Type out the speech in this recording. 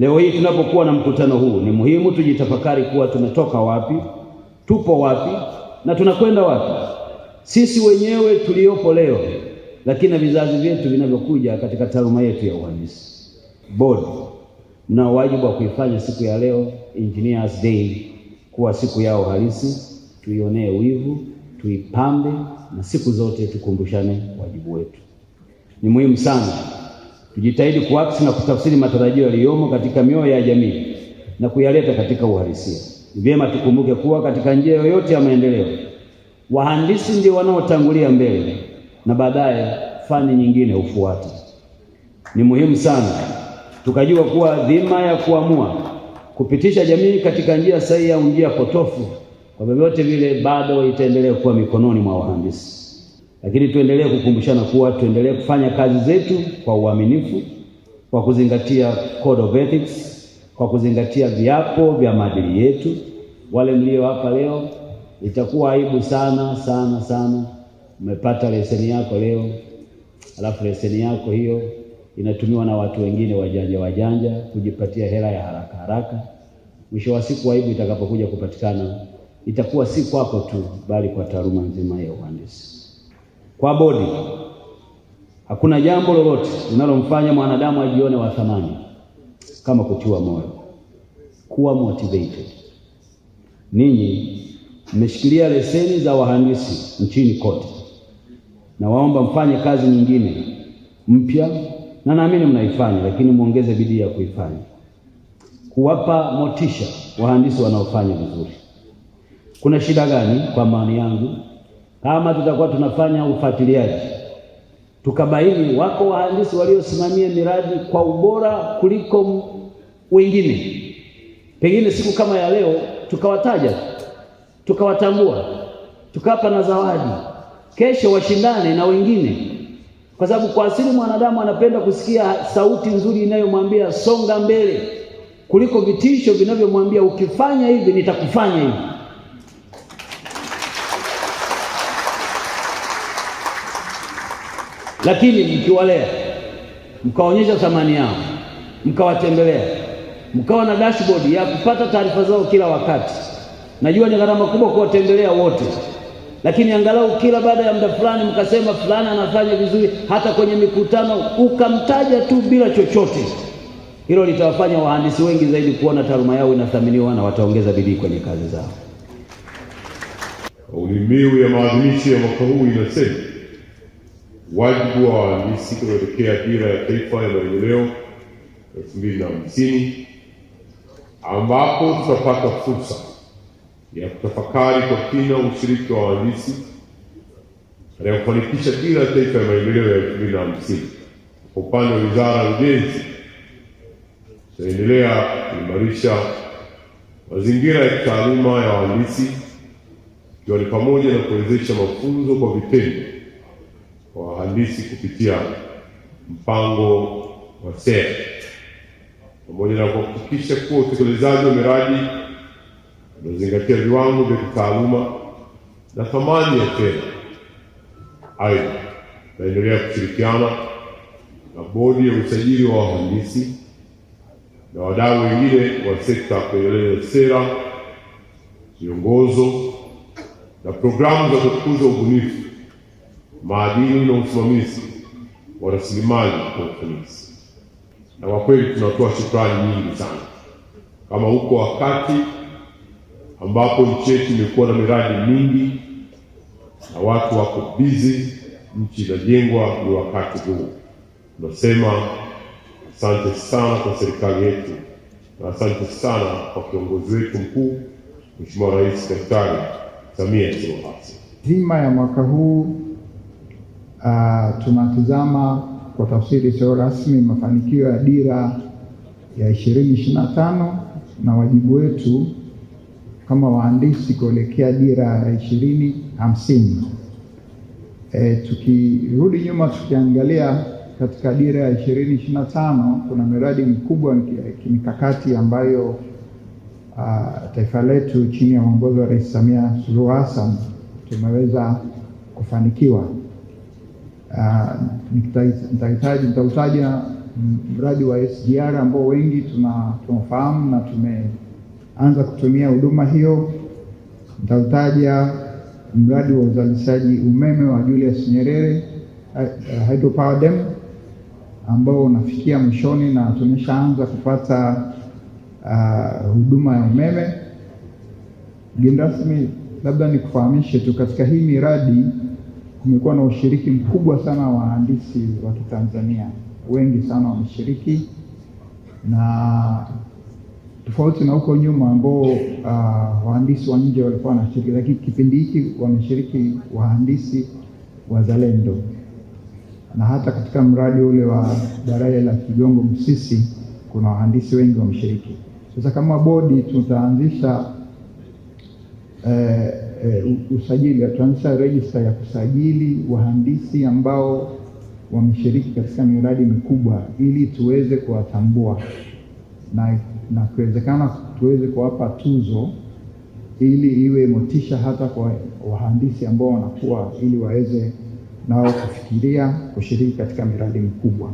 Leo hii tunapokuwa na mkutano huu, ni muhimu tujitafakari kuwa tumetoka wapi, tupo wapi na tunakwenda wapi, sisi wenyewe tuliopo leo, lakini na vizazi vyetu vinavyokuja katika taaluma yetu ya uhandisi. Bodi, mnao wajibu wa kuifanya siku ya leo, Engineers Day, kuwa siku yao halisi. Tuionee wivu, tuipambe, na siku zote tukumbushane wajibu wetu. Ni muhimu sana Tujitahidi kuakisi na kutafsiri matarajio yaliyomo katika mioyo ya jamii na kuyaleta katika uhalisia. Ni vyema tukumbuke kuwa katika njia yoyote ya maendeleo, wahandisi ndio wanaotangulia mbele na baadaye fani nyingine hufuata. Ni muhimu sana tukajua kuwa dhima ya kuamua kupitisha jamii katika njia sahihi au njia potofu, kwa vyovyote vile, bado itaendelea kuwa mikononi mwa wahandisi. Lakini tuendelee kukumbushana kuwa tuendelee kufanya kazi zetu kwa uaminifu, kwa kuzingatia code of ethics, kwa kuzingatia viapo vya maadili yetu. Wale mlio hapa leo, itakuwa aibu sana sana sana, umepata leseni yako leo, alafu leseni yako hiyo inatumiwa na watu wengine wajanja wajanja kujipatia hela ya haraka haraka. Mwisho wa siku, aibu itakapokuja kupatikana itakuwa si kwako tu, bali kwa taaluma nzima ya uhandisi kwa bodi. Hakuna jambo lolote linalomfanya mwanadamu ajione wa thamani kama kutiwa moyo, kuwa motivated. Ninyi mmeshikilia leseni za wahandisi nchini kote, na waomba mfanye kazi nyingine mpya, na naamini mnaifanya, lakini muongeze bidii ya kuifanya, kuwapa motisha wahandisi wanaofanya vizuri. Kuna shida gani? Kwa maoni yangu kama tutakuwa tunafanya ufuatiliaji, tukabaini wako wahandisi waliosimamia miradi kwa ubora kuliko wengine, pengine siku kama ya leo tukawataja, tukawatambua, tukapa na zawadi, kesho washindane na wengine, kwa sababu kwa asili mwanadamu anapenda kusikia sauti nzuri inayomwambia songa mbele kuliko vitisho vinavyomwambia ukifanya hivi nitakufanya hivi. Lakini mkiwalea mkaonyesha thamani yao, mkawatembelea, mkawa na dashboard ya kupata taarifa zao kila wakati. Najua ni gharama kubwa kuwatembelea wote, lakini angalau kila baada ya muda fulani mkasema fulani anafanya vizuri, hata kwenye mikutano ukamtaja tu bila chochote. Hilo litawafanya wahandisi wengi zaidi kuona taaluma yao inathaminiwa na wataongeza bidii kwenye kazi zao. Kauli mbiu ya maadhimisho ya mwaka huu inasema wajibu wa wahandisi kuelekea dira ya taifa ya maendeleo 2050 ambapo tutapata fursa ya kutafakari kwa kina ushiriki wa wahandisi katika kufanikisha dira ya taifa ya maendeleo ya na hamsini. Kwa upande wa Wizara ya Ujenzi, tutaendelea kuimarisha mazingira ya kitaaluma ya wahandisi ikiwa ni pamoja na kuwezesha mafunzo kwa vitendo wa wahandisi kupitia mpango wa sera pamoja na kuhakikisha kuwa utekelezaji wa miradi unazingatia viwango vya kitaaluma na thamani ya fedha. Aidha, tunaendelea kushirikiana na bodi ya usajili wa wahandisi na wadau wengine wa sekta kuendeleza sera, miongozo na programu za kukuza ubunifu maadili na usimamizi wa rasilimali kwa ufanisi. Na kwa kweli tunatoa shukrani nyingi sana, kama huko wakati ambapo nchi yetu imekuwa na miradi mingi na watu wako bizi, nchi inajengwa, ni wakati huu tunasema asante sana kwa serikali yetu na asante sana kwa kiongozi wetu mkuu Mheshimiwa Rais Daktari Samia Suluhu Hassan. Hima ya mwaka huu uh, tunatizama kwa tafsiri sio rasmi mafanikio ya dira ya 2025 na wajibu wetu kama waandishi kuelekea dira ya 2050. E, tukirudi nyuma tukiangalia katika dira ya 2025 kuna miradi mikubwa ya kimikakati ambayo uh, taifa letu chini ya uongozi wa Rais Samia Suluhu Hassan tumeweza kufanikiwa. Ah, nitahitaji nitautaja mradi wa SGR ambao wengi tunafahamu na tumeanza kutumia huduma hiyo. Nitautaja mradi wa uzalishaji umeme wa Julius Nyerere Hydropower Dam ambao unafikia mwishoni na tumeshaanza kupata ah, huduma ya umeme. Mgeni rasmi, labda nikufahamishe tu katika hii miradi kumekuwa na ushiriki mkubwa sana wa wahandisi wa Kitanzania, wengi sana wameshiriki, na tofauti na huko nyuma ambao uh, wahandisi wa nje walikuwa wanashiriki, lakini kipindi hiki wameshiriki wahandisi wazalendo, na hata katika mradi ule wa daraja la Kigongo Msisi kuna wahandisi wengi wameshiriki. Sasa kama bodi tutaanzisha eh, eh, usajili tuanzisha rejista ya kusajili wahandisi ambao wameshiriki katika miradi mikubwa ili tuweze kuwatambua na, na kuwezekana tuweze kuwapa tuzo ili iwe motisha hata kwa wahandisi ambao wanakuwa ili waweze nao kufikiria kushiriki katika miradi mikubwa.